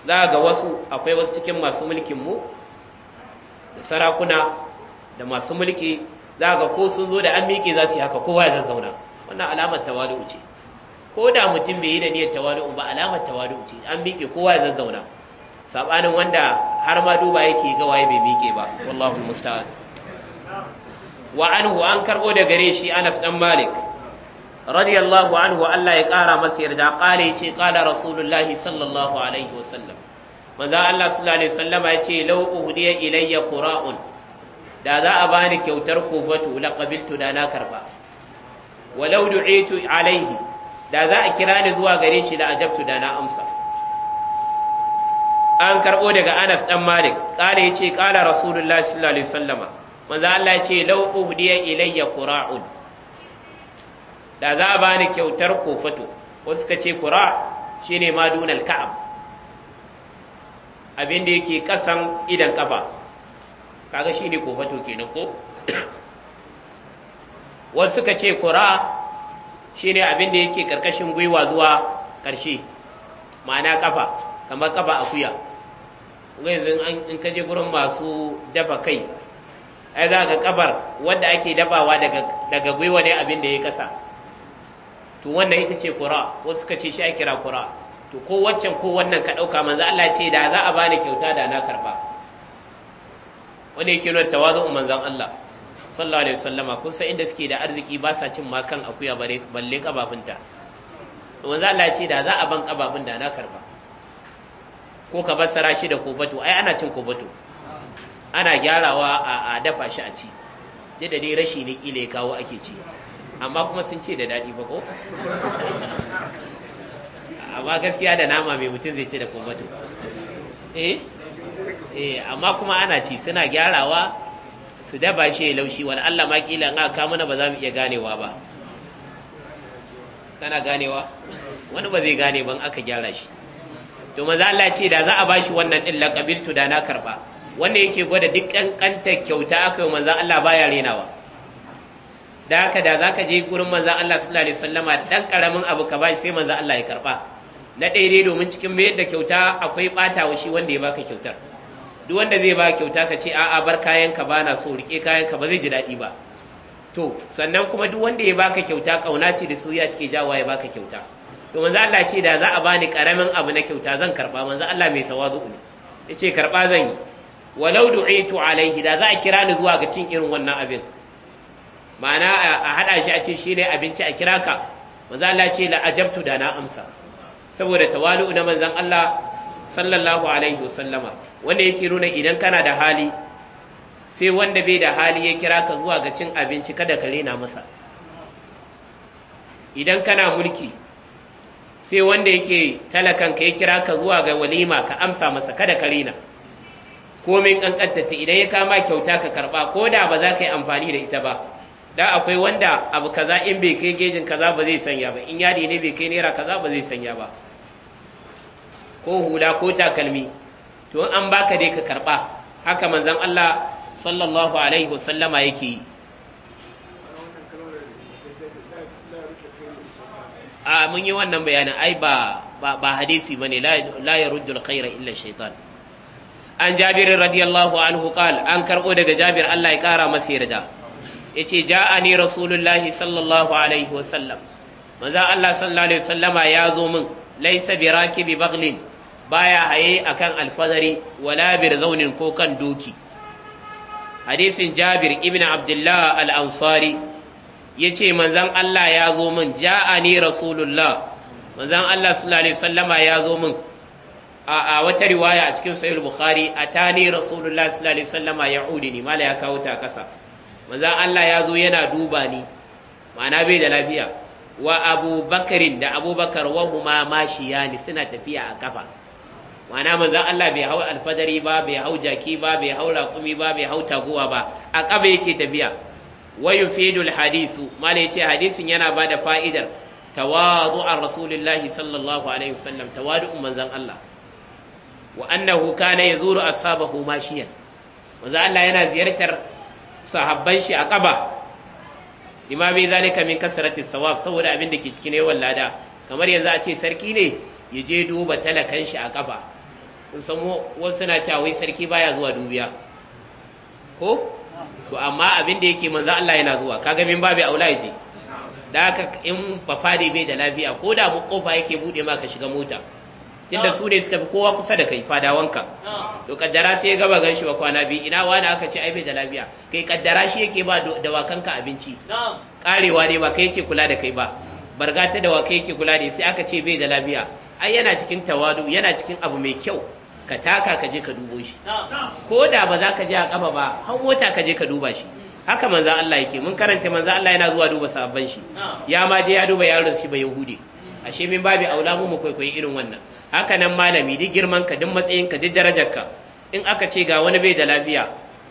za ga wasu akwai wasu cikin masu mulkin mu da sarakuna da masu mulki za ga ko sun zo da an miƙe za su yi haka kowa ya zazzauna wannan alamar tawadu ce ko da mutum bai yi da niyyar tawadu, ba alamar tawadu ce an miƙe kowa ya zazzauna sabanin wanda har ma duba yake ga waye bai miƙe ba wallahu musta'an wa anhu an karbo da gare shi Anas dan Malik radiyallahu anhu Allah ya kara masa yarda kale yace qala rasulullahi sallallahu alaihi wasallam manzo Allah sallallahu alaihi wasallama ya ce law uhdiya ilayya qura'un da za a bani kyautar kofatu la qabiltu da na karba walau du'itu alaihi da za a kira ni zuwa gare shi da ajabtu da na amsa an karbo daga Anas dan Malik kare yace kala rasulullahi sallallahu alaihi wasallama manzo Allah ya ce law uhdiya ilayya qura'un da za a bani kyautar kofatu wasu ka ce qura shine madunal ka'ab abin da yake kasan idan kafa kaga ne kofato kenan ko wasu suka ce kura shi ne abin da yake karkashin gwiwa zuwa karshe ma'ana kafa kamar kafa akuya yanzu in ka je gurin masu dafa kai ai za ga kabar wanda ake dafawa daga gwiwa ne abin da ya kasa to wannan ita ce kura wasu suka ce shi a kira kura to ko waccan ko wannan ka ɗauka manzo Allah ce da za a bani kyauta da na karba wani yake nuna tawazu manzon Allah sallallahu alaihi wasallama kun san inda suke da arziki ba sa cin makan akuya bare balle kabafinta manzo Allah ce da za a ban kababin da na karba ko ka basara shi da kobato ai ana cin kobato ana gyarawa a dafa shi a ci da dai rashi ne kile kawo ake ci amma kuma sun ce da daɗi ba ko amma gaskiya da nama mai mutum zai ce da kumbato eh eh amma kuma ana ci suna gyarawa su daba shi ya laushi wani Allah ma kila in aka mana ba za mu iya ganewa ba kana ganewa wani ba zai gane ban aka gyara shi to maza Allah ce da za a ba shi wannan din laqabiltu da na karba wanda yake gwada duk kankantar kyauta aka yi manzan Allah baya renawa da haka da za ka je gurin manzan Allah sallallahu alaihi wasallama dan karamin abu ka ba shi sai manzan Allah ya karba na daidai domin cikin mayar da kyauta akwai ɓata wa shi wanda ya baka kyautar duk wanda zai baka kyauta ka ce a'a bar kayan ka ba na so rike kayan ka ba zai ji daɗi ba to sannan kuma duk wanda ya baka kyauta kauna ce da soyayya take jawa ya baka kyauta to manzo Allah ce da za a bani karamin abu na kyauta zan karba manzo Allah mai tawazu ne yace karba zan yi walau du'itu alaihi da za a kira ni zuwa ga cin irin wannan abin ma'ana a hada shi a ce shi ne abinci a kira ka manzo Allah ce la ajabtu da na amsa saboda tawali'u na manzan Allah sallallahu alaihi wasallama wanda yake nuna idan kana da hali sai wanda bai da hali ya kira ka zuwa ga cin abinci kada ka rena masa idan kana mulki sai wanda yake talakan ka ya kira ka zuwa ga walima ka amsa masa kada ka rena komin kankantata idan ya kama kyauta ka karba ko da ba za ka yi amfani da ita ba da akwai wanda abu kaza in bai kai gejin kaza ba zai sanya ba in yadi ne bai kai naira kaza ba zai sanya ba ko hula ko takalmi to an baka dai ka karba haka manzon Allah sallallahu alaihi wasallama yake yi a mun yi wannan bayanin ai ba ba hadisi bane la yaruddul khaira illa shaitan an jabir radiyallahu anhu qal an karbo daga jabir Allah ya kara masa yarda Ya ce, a ja'ani rasulullahi sallallahu alaihi wasallam manzo Allah sallallahu alaihi wasallama ya zo min laysa birakibi baghlin baya haye akan alfazari wala zaunin ko kan doki hadisin Jabir ibn Abdullah al-Ansari ce, manzon Allah ya zo min a ja'ani rasulullah manzon Allah sallallahu alaihi wasallama ya zo min a wata riwaya a cikin sahih bukhari atani rasulullah sallallahu alaihi wasallama ya'udini mala ya kawo ta kasa manzan Allah ya zo yana duba ni ma'ana bai da lafiya wa abubakarin da abubakar wa huma mashiya ne suna tafiya a kafa ma'ana manzan Allah bai hau alfadari ba bai hau jaki ba bai hau raƙumi ba bai hau taguwa ba a kafa yake tafiya wa yufidul hadisu malai ce hadisin yana ba da fa'idar an rasulillahi sallallahu alaihi wasallam tawadu'un manzan Allah wa annahu kana yazuru ashabahu mashiyan manzan Allah yana ziyartar sahabban shi a ƙaba limabi zane kamin kasaratin sawab saboda abin da ke ciki ne yawan lada kamar yanzu a ce sarki ne ya je duba talakan shi a ƙaba kun san wasu suna cewa wai sarki baya zuwa dubiya ko to amma abin da yake manzo Allah yana zuwa kaga min babu aula yaje da haka in bafade bai da lafiya ko da mu kofa yake bude ma ka shiga mota tunda oh. su ne suka fi kowa kusa da kai fadawanka oh. to kaddara sai ya gaba ganshi ba kwana biyu ina wani aka ce ai bai da lafiya kai kaddara shi yake ba da dawakanka abinci karewa ne ba kai yake kula da kai ba barga ta dawakai yake kula da sai aka ce bai da lafiya ai yana cikin tawadu yana cikin abu mai kyau ka taka ka je ka dubo shi ko da ba za ka je a kafa ba har mota ka je ka duba shi mm. haka manzan Allah yake mun karanta manzan Allah yana zuwa duba sabon shi ya ma je ya duba yaron shi ba hude. ashe min babi aula mu kwaikwayi irin wannan haka nan malami duk girman ka duk matsayin ka duk darajar ka in aka ce ga wani bai da lafiya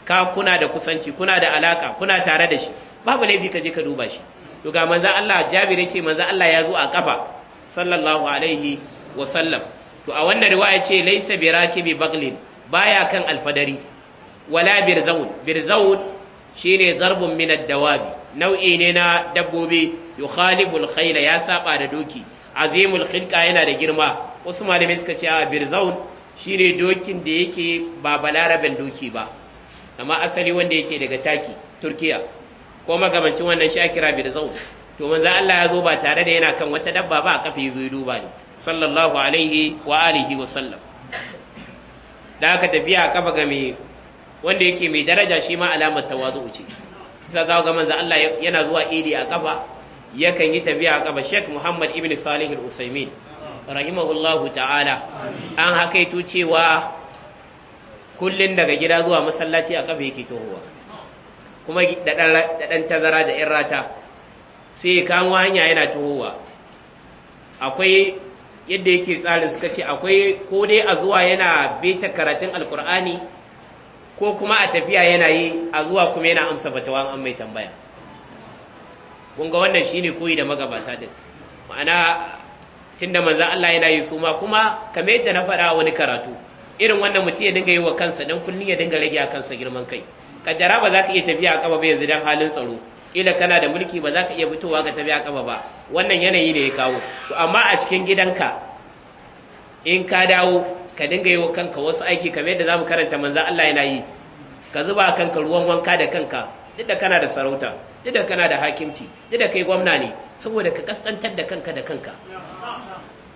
ka kuna da kusanci kuna da alaka kuna tare da shi babu laifi ka je ka duba shi to ga manzon Allah Jabir yake manzon Allah ya zo a kafa sallallahu alaihi wa sallam to a wannan riwaya ce laysa birakibi baglin baya kan alfadari wala birzaun birzaun shine zarbun min ad-dawabi nau'i ne na dabbobi yukhalibul khayla ya saba da doki azimul khilqa yana da girma wasu malamai suka ce a birzaun shine dokin da yake ba balaraben doki ba amma asali wanda yake daga taki turkiya ko magamancin wannan shakira birzaun to manzo Allah ya zo ba tare da yana kan wata dabba ba a kafi zo duba ne sallallahu alaihi wa alihi wa sallam da aka tafiya a kafa ga mai wanda yake mai daraja shi ma alamar tawazu ce sai za ga manzo Allah yana zuwa idi a kafa yakan yi tafiya a gaba Sheikh Muhammad ibn Salih al-Usaimin rahimahullahu ta'ala an tu cewa kullun daga gida zuwa masallaci a kafa yake tohuwa kuma da dan tazara da yan rata sai kamo hanya yana tohuwa akwai yadda yake tsarin suka ce akwai ko dai a zuwa yana beta karatun alkur'ani ko kuma a tafiya yana yi a zuwa kuma yana amsa fatawan an mai tambaya Kunga ga wannan ne koyi da magabata din ma'ana tunda manzan Allah yana yi su ma kuma kamar yadda na faɗa wani karatu irin wannan mutum ya dinga yi wa kansa dan kullun ya dinga rage a kansa girman kai kaddara ba za ka iya tafiya a kaba ba yanzu dan halin tsaro ila kana da mulki ba za ka iya fitowa ka tafiya a kafa ba wannan yanayi ne ya kawo to amma a cikin gidanka in ka dawo ka dinga yi wa kanka wasu aiki kamar yadda mu karanta manzan Allah yana yi ka zuba kanka ruwan wanka da kanka duk kana da sarauta duk da kana da hakimci duk da kai gwamna ne saboda ka kaskantar da kanka da kanka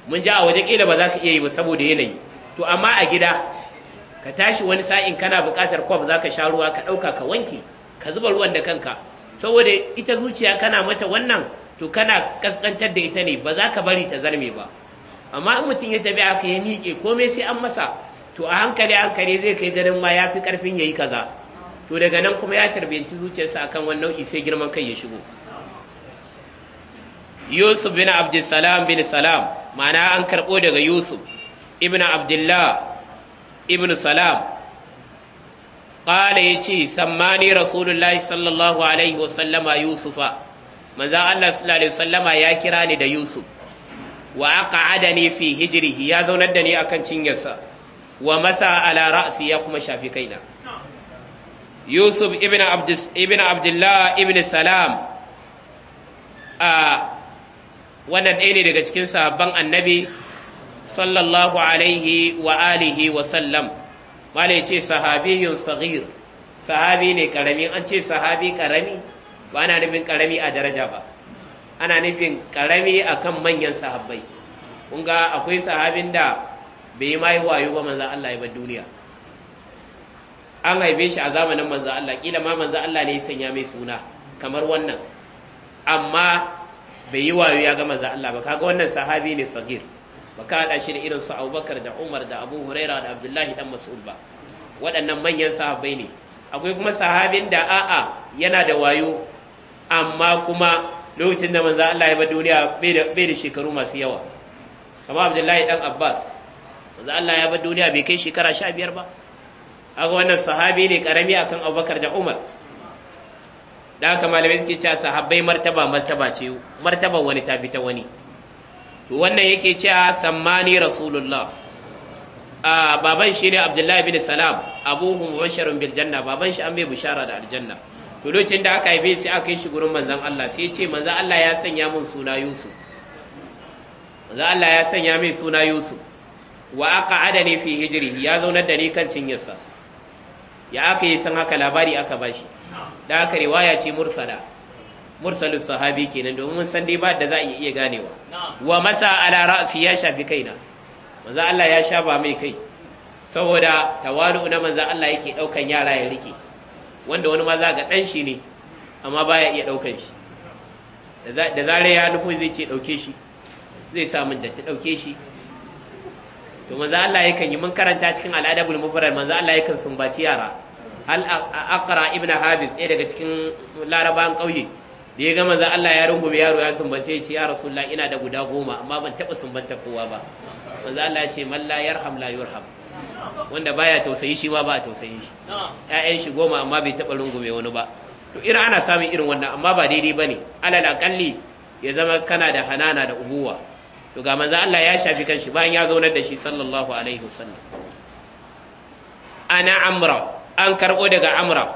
mun ji a waje kila ba za ka iya yi ba saboda yanayi to amma a gida ka tashi wani sa'in kana buƙatar kwaf za ka sha ruwa ka ɗauka ka wanke ka zuba ruwan da kanka saboda ita zuciya kana mata wannan to kana kaskantar da ita ne ba za ka bari ta zarme ba amma in mutum ya tafi aka ya miƙe komai sai an masa to a hankali hankali zai kai ganin ma ya fi ƙarfin ya yi kaza to daga nan kuma ya tarbiyanci zuciyarsa akan wani nau'i sai girman kai ya shigo yusuf bin abdulsalam bin salam ma'ana an karɓo daga yusuf ibn abdullah ibn salam ƙala ya ce sammani rasulullahi sallallahu alaihi sallama yusufa manzan allah sallallahu alaihi sallama ya kira ni da yusuf wa aka adani fi hijirihi ya zaunar da ni akan cinyarsa wa masa ala ya kuma shafi kaina yusuf ibn abdullah ibn salam a wannan ɗaya ne daga cikin sahabban annabi sallallahu alaihi wa alihi wa sallam malai ce sahabiyun saghir sahabi ne karami an ce sahabi karami ba ana nufin karami a daraja ba ana nufin karami akan manyan sahabbai Kunga ga akwai sahabin da bai yi mai wayo ba manzan Allah ya bar duniya an haife shi a zamanin manzo Allah kila ma manzo Allah ne ya sanya mai suna kamar wannan amma bai yi wayo ya ga manzo Allah ba kaga wannan sahabi ne sagir ka hada shi da irin su Abubakar da Umar da Abu Huraira da Abdullahi dan Mas'ud ba waɗannan manyan sahabbai ne akwai kuma sahabin da a'a yana da wayo amma kuma lokacin da manzo Allah ya ba duniya bai da shekaru masu yawa kamar Abdullahi dan Abbas manzo Allah ya ba duniya bai kai shekara 15 ba aga wannan sahabi ne karami akan abubakar da umar da aka malamai suke cewa sahabbai martaba martaba ce martaba wani ta fi ta wani to wannan yake cewa sammani rasulullah a baban shi ne abdullahi bin salam abuhu mubasharun bil janna baban shi an bai bushara da aljanna to lokacin da aka haife sai aka yi shi gurin manzon Allah sai ya ce manzon Allah ya sanya min suna Yusuf manzon Allah ya sanya min suna Yusuf wa aka adani fi hijrihi ya zauna da ni kan cinyarsa ya aka yi san haka labari aka bashi da aka riwaya ce mursala Mursalus sahabi kenan domin mun san dai ba da za a iya ganewa wa masa ala ra'si ya shafi kaina manzo Allah ya shafa mai kai saboda tawalu na manzo Allah yake daukan yara ya rike wanda wani ma za ga dan shi ne amma baya iya daukan shi da zare ya nufo zai ce dauke shi zai sa min da ta dauke shi to manzo Allah yake yi mun karanta cikin al'adabul mufrad manzo Allah yake sumbaci yara al-aqra ibn habis ɗaya daga cikin larabawan ƙauye da ya gama za Allah ya rungume yaro ya sumbance shi ya rasulullah ina da guda goma amma ban taɓa sumbanta kowa ba manzo Allah ya ce man la yarham la yurham wanda baya tausayi shi ma ba a tausayi shi ƴaƴan shi goma amma bai taɓa rungume wani ba to irin ana samun irin wannan amma ba daidai bane alal aqalli ya zama kana da hanana da ubuwa to ga manzo Allah ya shafi kanshi bayan ya zaunar da shi sallallahu alaihi wasallam ana amra an karɓo daga amra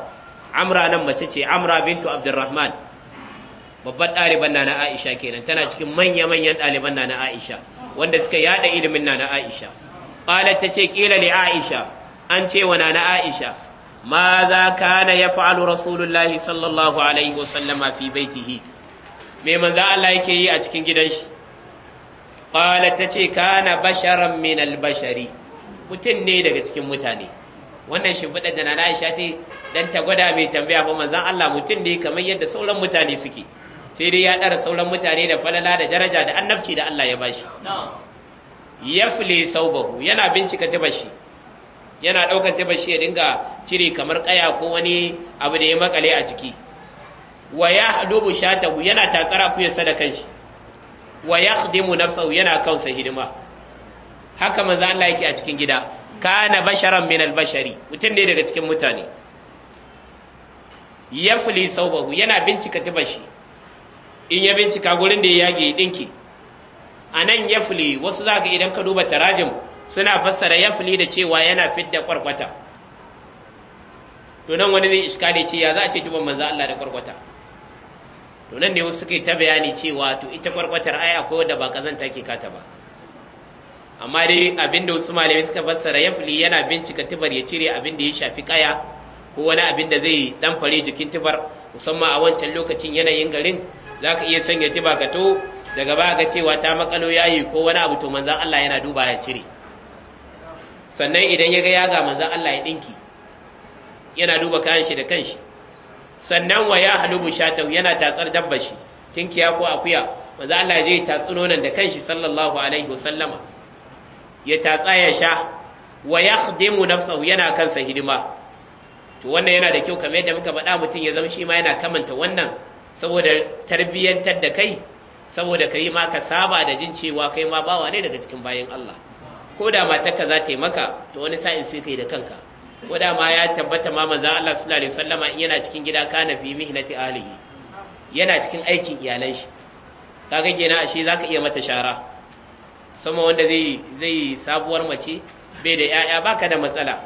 amra nan mace ce amra bintu abdurrahman babban ɗaliban na na aisha kenan tana cikin manya-manyan ɗaliban na na aisha wanda suka yada ilimin na na aisha ƙalar ta ce ƙila li aisha an ce wa na na aisha ma za kana ya fa'alu rasulullahi sallallahu alaihi wasallama fi baitihi me manzo Allah yake yi a cikin gidan shi ƙalar ta ce kana basharan min albashari mutum ne daga cikin mutane wannan shimfiɗar da na Aisha ta dan ta gwada mai tambaya ba manzon Allah mutum ne kamar yadda sauran mutane suke sai dai ya dara sauran mutane da falala da daraja da annabci da Allah ya bashi yafle saubahu yana bincika tabashi yana ɗaukar tabashi ya dinga cire kamar kaya ko wani abu da ya makale a ciki wa ya hadubu shatahu yana tatsara ku ya sada kanshi. wa yaqdimu nafsahu yana kansa hidima haka manzo Allah yake a cikin gida kana basharan min albashari mutum ne daga cikin mutane yafli saubahu yana bincika tubashi in ya bincika gurin da ya yage dinki anan yafli wasu zaka idan ka duba tarajim suna fassara yafli da cewa yana fidda kwarkwata to nan wani zai da ce ya za a ce tuban manzo Allah da kwarkwata to nan ne wasu suke ta bayani cewa to ita kwarkwatar ai akwai wanda ba kazanta ke kata ba amma dai abin da wasu malamai suka fassara fili yana bincika tubar ya cire abin da ya shafi kaya ko wani abin da zai dan fare jikin tubar musamman a wancan lokacin yanayin garin za ka iya sanya tuba ka to daga ba ga cewa ta makalo yayi ko wani abu to manzan Allah yana duba ya cire sannan idan ya ga ya ga manzan Allah ya dinki yana duba kayan shi da kanshi sannan wa ya halubu shatau yana tatsar dabbar shi tinkiya ko akuya manzan Allah ya je tatsuno nan da kanshi sallallahu alaihi wasallama ya tatsa ya sha wa yakhdimu nafsahu yana kansa hidima to wannan yana da kyau kamar yadda muka faɗa mutum ya zama shi ma yana kamanta wannan saboda tarbiyyantar da kai saboda kai ma ka saba da jin cewa kai ma bawa ne daga cikin bayan Allah ko da ka za ta yi maka to wani sa'in sai kai da kanka ko da ma ya tabbata ma manzon Allah sallallahu alaihi wasallama yana cikin gida kana fi mihnati ahlihi yana cikin aikin iyalan shi kaga kenan ashe zaka iya mata shara sama wanda zai yi sabuwar mace bai da yaya ba ka da matsala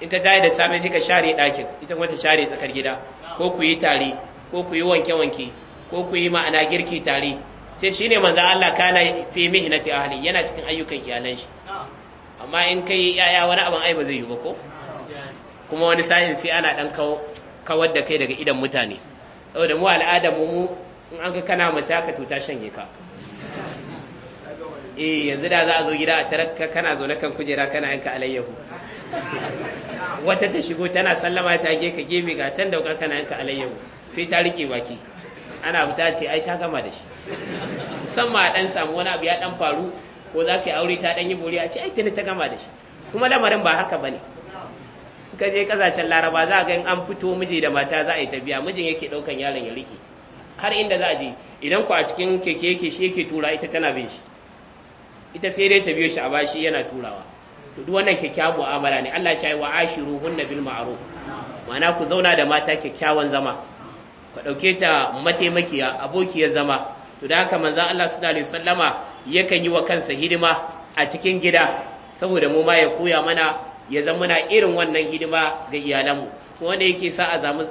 in ka tayi da sami sai ka share ɗakin ita kuma share tsakar gida ko ku yi tare ko ku yi wanke-wanke ko ku yi ma'ana girki tare sai shi shine manzan Allah kana fi na ahli yana cikin ayyukan iyalan shi amma in ka yi yaya wani abin ai ba zai yi ba ko kuma wani sa'in sai ana ɗan kawar da kai daga idan mutane saboda mu al'adar mu in an ka kana mace ka to ta shanye ka eh yanzu da za a zo gida a taraka kana na kan kujera kana yanka alayyahu wata ta shigo tana sallama ta gefe gefe ga can daukar kana yanka alayyahu sai ta rike baki ana fita ce ai ta gama da shi musamman a dan samu wani abu ya dan faru ko za ka yi aure ta dan yi bori a ce ai tana ta gama da shi kuma lamarin ba haka bane ka je kasashen laraba za ga in an fito miji da mata za a yi tafiya mijin yake daukan yaron ya rike har inda za a je idan ku a cikin keke yake shi yake tura ita tana bin shi ita sai dai ta biyo shi a bashi yana turawa to duk wannan kyakkyawa mu'amala ne Allah ya ce wa bilma bil ma'ruf ma'ana ku zauna da mata kyakkyawan zama ku dauke ta mataimakiya abokiyar zama to da haka manzon Allah sallallahu alaihi wasallama yakan yi wa kansa hidima a cikin gida saboda mu ma ya koya mana ya zama na irin wannan hidima ga iyalanmu wanda yake sa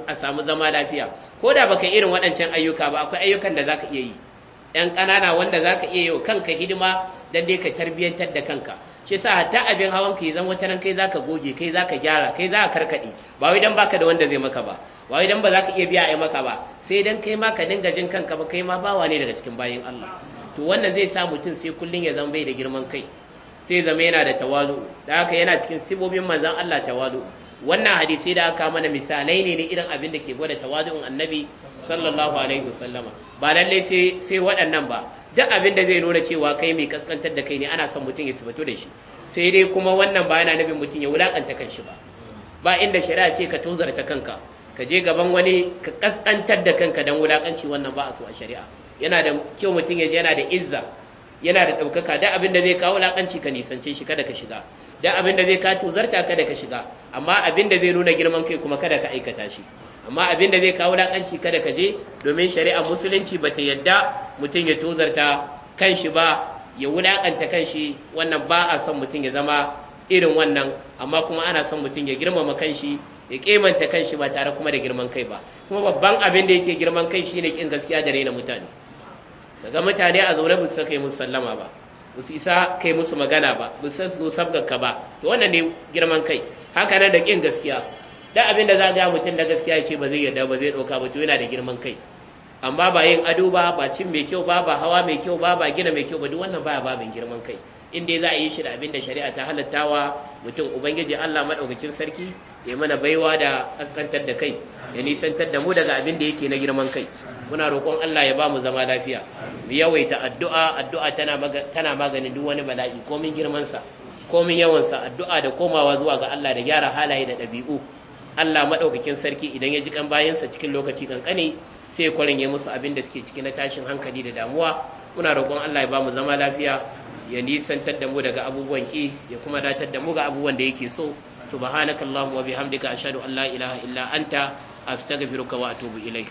a samu zama lafiya ko da baka irin waɗancan ayyuka ba akwai ayyukan da zaka iya yi ‘yan ƙanana wanda zaka iya yi wa kanka hidima dan dai ka tarbiyantar da kanka shi yasa hatta abin hawan ka zan wata ran kai zaka goge kai zaka gyara kai zaka karkade ba wai dan baka da wanda zai maka ba ba wai dan ba zaka iya biya ai maka ba sai dan kai ma ka dinga jin kanka ba kai ma bawa ne daga cikin bayin Allah to wannan zai sa mutum sai kullun ya zama bai da girman kai sai zama yana da tawalu da haka yana cikin sibobin manzon Allah tawalu wannan hadisi da aka mana misalai ne ne irin abin da ke gwada tawazu'un annabi sallallahu alaihi wasallama ba lallai sai waɗannan ba duk abin da zai nuna cewa kai mai kaskantar da kai ne ana son mutum ya sifatu da shi sai dai kuma wannan ba yana nufin mutum ya wulakanta kanshi ba ba inda shari'a ce ka tozarta kanka ka je gaban wani ka kaskantar da kanka dan wulakanci wannan ba a so a shari'a yana da kyau mutum ya je yana da izza yana da ɗaukaka duk abin da zai kawo wulakanci ka nisance shi kada ka shiga dan abin da zai ka tuzarta kada ka shiga amma abin da zai nuna girman kai kuma kada ka aikata shi amma abin da zai kawo lakanci kada ka je domin shari'a musulunci bata yadda mutum ya tuzarta kanshi ba ya wulakanta kanshi wannan ba a son mutum ya zama irin wannan amma kuma ana son mutum ya girmama kanshi ya kemanta kanshi ba tare kuma da girman kai ba kuma babban abin da yake girman kai shine kin gaskiya da raina mutane daga mutane a zaune ba su kai musallama ba ba su isa kai musu magana ba ba su su sabgarka ba to wannan ne girman kai haka nan da kin gaskiya dan abin da za ga mutum da gaskiya ya ce ba zai yarda ba zai dauka ba to yana da girman kai amma ba yin ado ba ba cin mai kyau ba ba hawa mai kyau ba ba gina mai kyau ba duk wannan baya babin girman kai in dai za a yi shi da abin da shari'a ta wa mutum ubangiji Allah madaukakin sarki ya mana baiwa da kaskantar da kai ya nisantar da mu daga abin da yake na girman kai muna roƙon Allah ya ba mu zama lafiya mu yawaita addu'a addu'a tana maganin duk wani bala'i komin girman sa komin yawan sa addu'a da komawa zuwa ga Allah da gyara halaye da ɗabi'u Allah madaukakin sarki idan ya ji kan bayansa cikin lokaci kankane sai ya kwarin ya musu abin da suke ciki na tashin hankali da damuwa muna roƙon Allah ya ba mu zama lafiya ya nisantar da mu daga abubuwan ki ya kuma datar da mu ga abubuwan da yake so subhanakallahumma wa bihamdika ashhadu an la ilaha illa anta astaghfiruka wa atubu ilaik